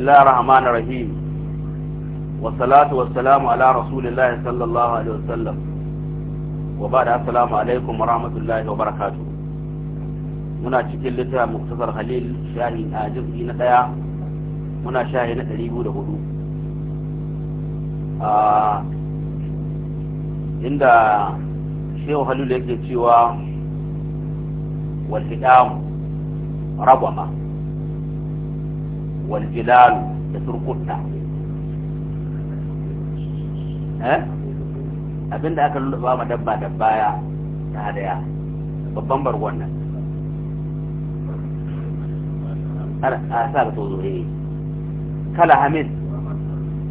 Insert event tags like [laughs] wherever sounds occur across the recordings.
الله الرحمن الرحيم والصلاة والسلام على رسول الله صلى الله عليه وسلم وبعد السلام عليكم ورحمة الله وبركاته muna cikin littafin muktasar halil shahi a jirgi na daya muna shahi na ɗari biyu da hudu ah, inda shehu halil yake cewa wal hidamu wal jilalu da surkutta eh abinda aka lulluba ma dabba da baya ta hadaya babban bargon nan a sa ga tozo eh. kala hamid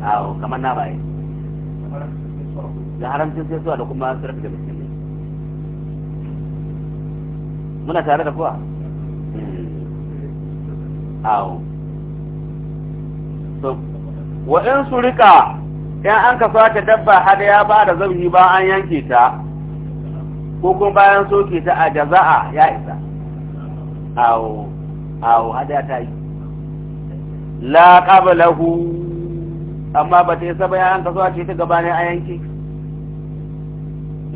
awo kamar na baya eh. da haramcin sai suwa da kuma da musulmi muna tare da kuwa hmm. awo wa in su rika in an ka sake dabba hadaya ba da zabi ba an yanke ta ko kuma bayan soke ta a jaza'a ya isa awo awo hadaya ta yi la qablahu amma ba ta isa ba ya an ka sake ta gabanin a yanke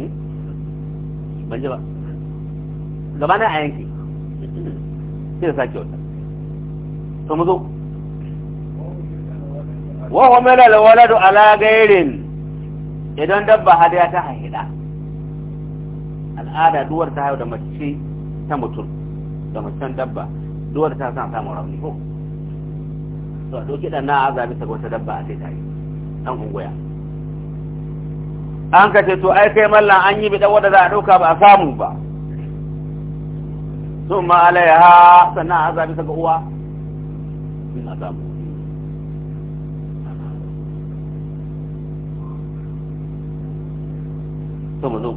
hmm? ban ji ba gabanin a yanke sai da sake wata to mu zo wa humila alwaladu ala gairin idan dabba hadaya ta haihida al'ada duwar ta haihu da mace ta mutum da mutum dabba duwar ta san samun rauni ko to a doki dan na azabi ta wata dabba a sai ta yi dan unguya an ka ce to ai kai mallan an yi bidan wadda za a dauka ba a samu ba sun ma alaiha sannan azabi ta ga uwa in a samu tumnu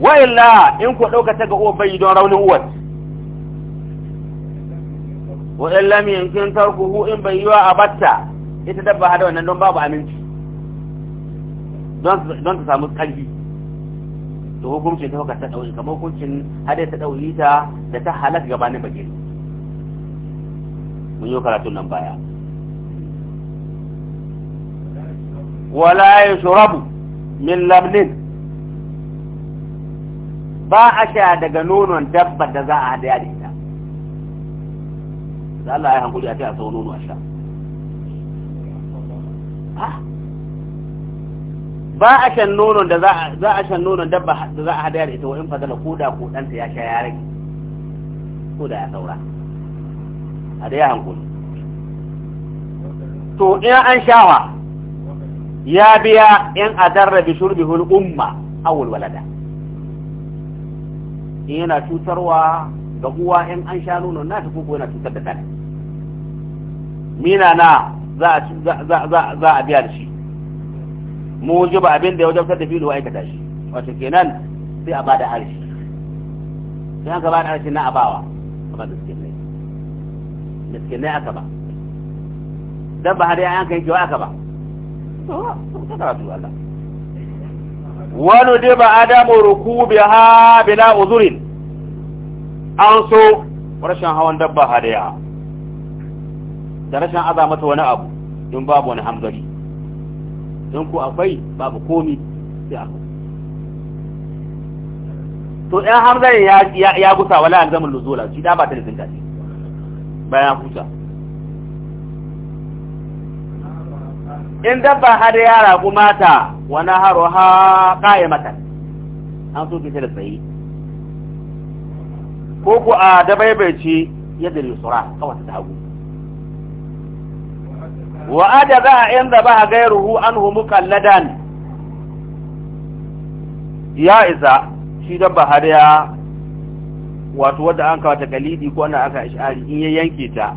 wa la in ku ɗauka ta ga uwar bai don raunin uwar wa illa mi yankin tarkuhu in bai yiwa a batta ita dabba hada wannan don babu aminci don ta samu kanji to hukuncin ta haka ta ɗauki kamar hukuncin hada ta ɗauki ta da ta halaka gabanin bage mun yi karatun nan baya wala yashrabu min labnin ba a sha daga nonon dabba da za a hadaya da ita Za Allah ya hankuli a ce a sau nono a sha ba a shan nonon da za a shan nonon dabba da za a hadaya da ita wa in fadala ko da ko ɗanta ya sha ya rage ko da ya saura a da ya hankuli to in an shawa ya biya in adarra bi shurbi hul umma awul walada in yana cutarwa ga uwa in an sha nono na ta koko yana cutar da kan mina na za a biya da shi mu ji ba abin da ya wajabtar da filo aikata shi wato kenan sai a bada harshe sai an ba da harshe na abawa da miskinai ne aka ba don ba har ya an kai wa aka ba to ka karatu Allah wani diba adamu ruku biha bila uzurin an so rashin hawan dabba hadaya da rashin azamata wani abu don babu wani hamzari don ku akwai babu komi sai abu to ɗan hamzari ya gusa wala alzamin luzola shi da ba ta nufin tafi bayan huta in dabba har ya ragu mata wa naharuha qa'imatan an so kike da tsayi ko ku a ci yadda sura kawai ta hagu wa ajaza in daba gairuhu anhu mukalladan ya isa shi dabba har ya wato wadda an kawo takalidi ko ana aka ishari in ya yanke ta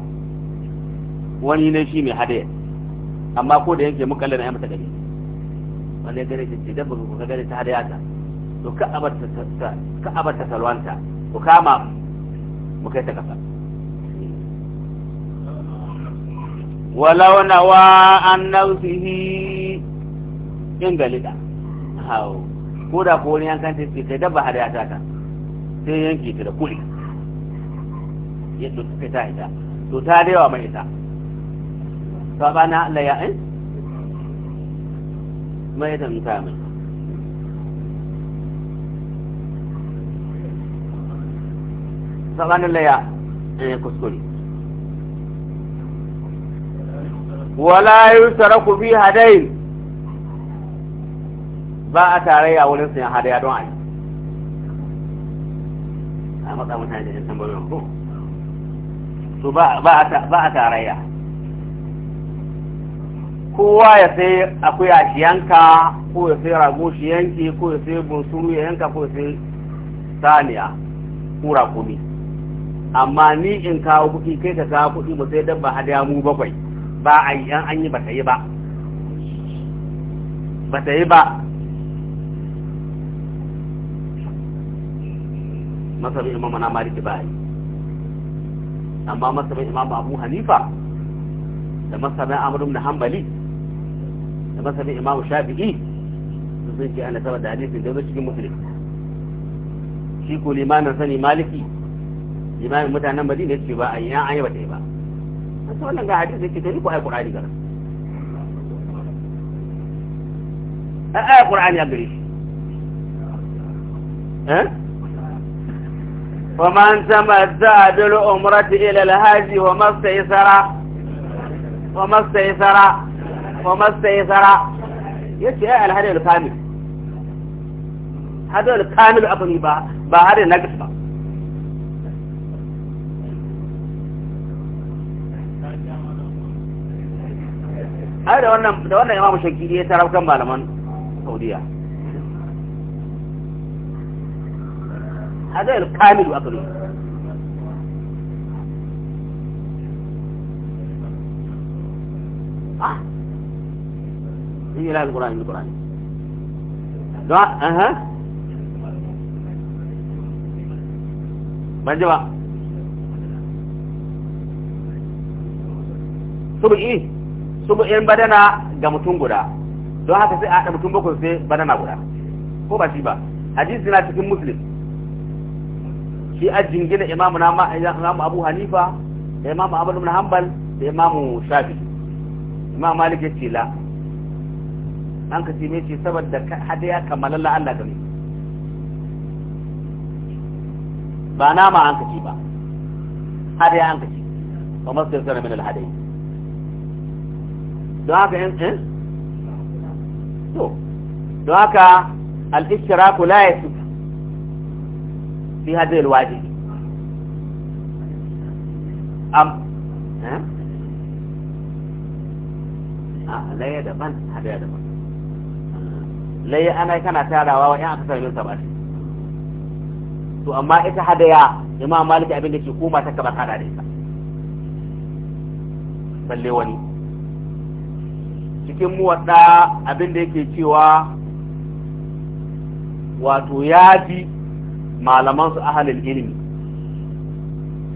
wani ne shi mai hadaya amma ko da yanke mukalla na ya mata gari wanda gare ta ce dabba ko gare ta hadaya ta to ka abarta ka abarta salwanta ko kama mu kai ta kasa walau nawa an nausihi in galida hawo ko da ko wani yankan ta ce sai dabba hadaya ta ta sai yanke ta da kuli ya ta ita to ta da yawa mai ita فبنا ليائن ما يدم تامل فبنا ليائن يعني كسكولي ولا يترك فيها دين باء تاريا ولن سيها هديا دعاء أنا ما تعمل هذا الإنسان بالله سبع باء باء تاريا kowa ya sai akuya shi yanka ko ya sai rago shi yanki ko ya sai bunsuru ya yanka ko ya sai saniya kura kumi amma ni in kawo kuɗi kai ka kawo kuɗi mu sai dabba hadaya mu bakwai ba a yi an an yi ba ta yi ba ba ta yi ba masabin imam na maliki ba yi amma masabin imam abu hanifa da masabin amurin da hambali da masanin imamu shafi'i sun ce ana saboda hadisin da wani cikin muslim shi ko limamin sani maliki limamin mutanen madina ya ce ba a yi an yi ba yi ba wasu wannan ga hadisin ke tani ko ai qur'ani gara ai ai qur'ani a gare shi eh ومن تمتع بالعمرة إلى الهاج وما استيسر وما استيسر وما استيسر yace ai alhadar kamil hadar kamil abin ba ba hadar nagis ba ai da wannan da wannan imamu shakiri ya tarar kan malaman saudiya hadar kamil abin ah في القرآن القرآن دعاء أها بنجوا don haka a haɗa mutum bakwai sai banana ko ba shi ba hadisi na cikin muslim shi a jingina imamu na imamu abu hanifa da imamu abu da imamu shafi malik an ka ce shi saboda hadaya kamalalla Allah gare ba nama an ka ba, ba ya an ka ce ba masu sana min yi. don haka yin tsin eh? to don haka al-ishtiraku la yasu fi hadai alwajib am eh ah hadaya daban hadaya daban layi ana kana tarawa wa ƴan aka yin sa ba shi to amma ita hadaya imam maliki abin da ke koma ta kaba kada da ita balle wani cikin wadda abin da yake cewa wato ya bi malaman su ahalil ilimi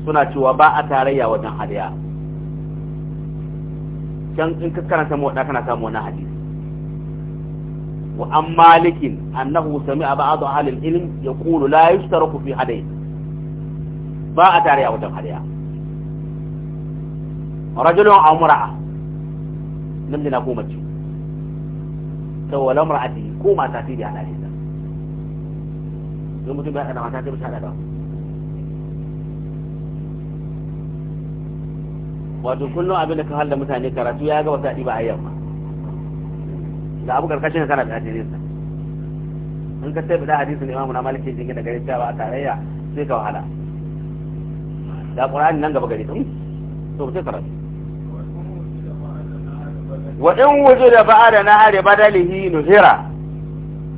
suna cewa ba a tarayya wajen hadaya can in ka karanta wadda kana samu wannan hadisi وعن مالك أنه سمع بعض أهل العلم يقول لا يشترك في حديث أتاري أو تم حديث رجل أو امرأة نمدنا كومتي سوى لامرأته كوما تأتي على هذا يوم تبقى أنا ما تاتي مش هذا wato kullum abin da ka halla mutane karatu ya ga wata ɗiba a yamma da abu karkashin kana da hadisin in ka sai bada hadisin imamu na maliki jinki da gari cewa a tarayya sai ka wahala da qur'ani nan gaba gari tun to sai karatu wa in wujuda ba'da nahari badalihi nuhira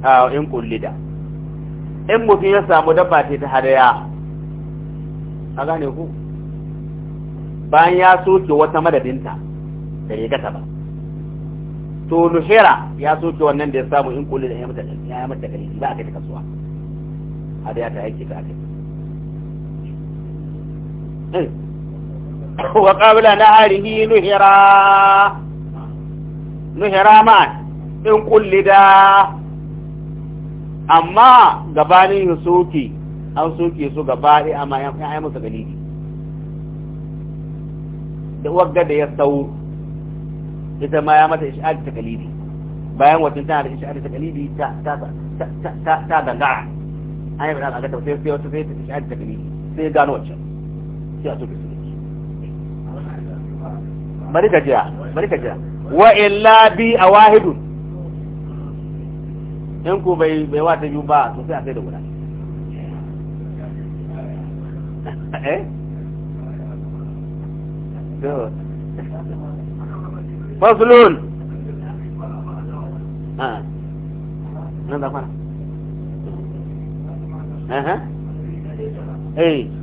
a in kullida in mutum ya samu dabba ce ta hadaya a gane ku bayan ya soke wata madadinta da ya gata ba to luhira ya soke wannan da ya samu in kulli da ya mata ya mata kare ba aka ta kasuwa a da ya ta yake ta aka hmm. wa qabla naharihi luhira luhira ma in kulli da amma gabanin soke an soke su gaba ɗaya amma ya yi musu galibi da wagga da ya sau ita ma ya mata isha'ar ta kalibi bayan watan tana da isha'ar ta kalibi ta ta ta ta dangara an yi bada ga ta sai wata sai ta isha'ar ta kalibi sai gano wacce sai a soke sunanci bari ka jira bari ka jira wa illa bi a wahidun in ko bai bai wata yi ba to sai a sai da guda [laughs] eh faslun nan da kwana eh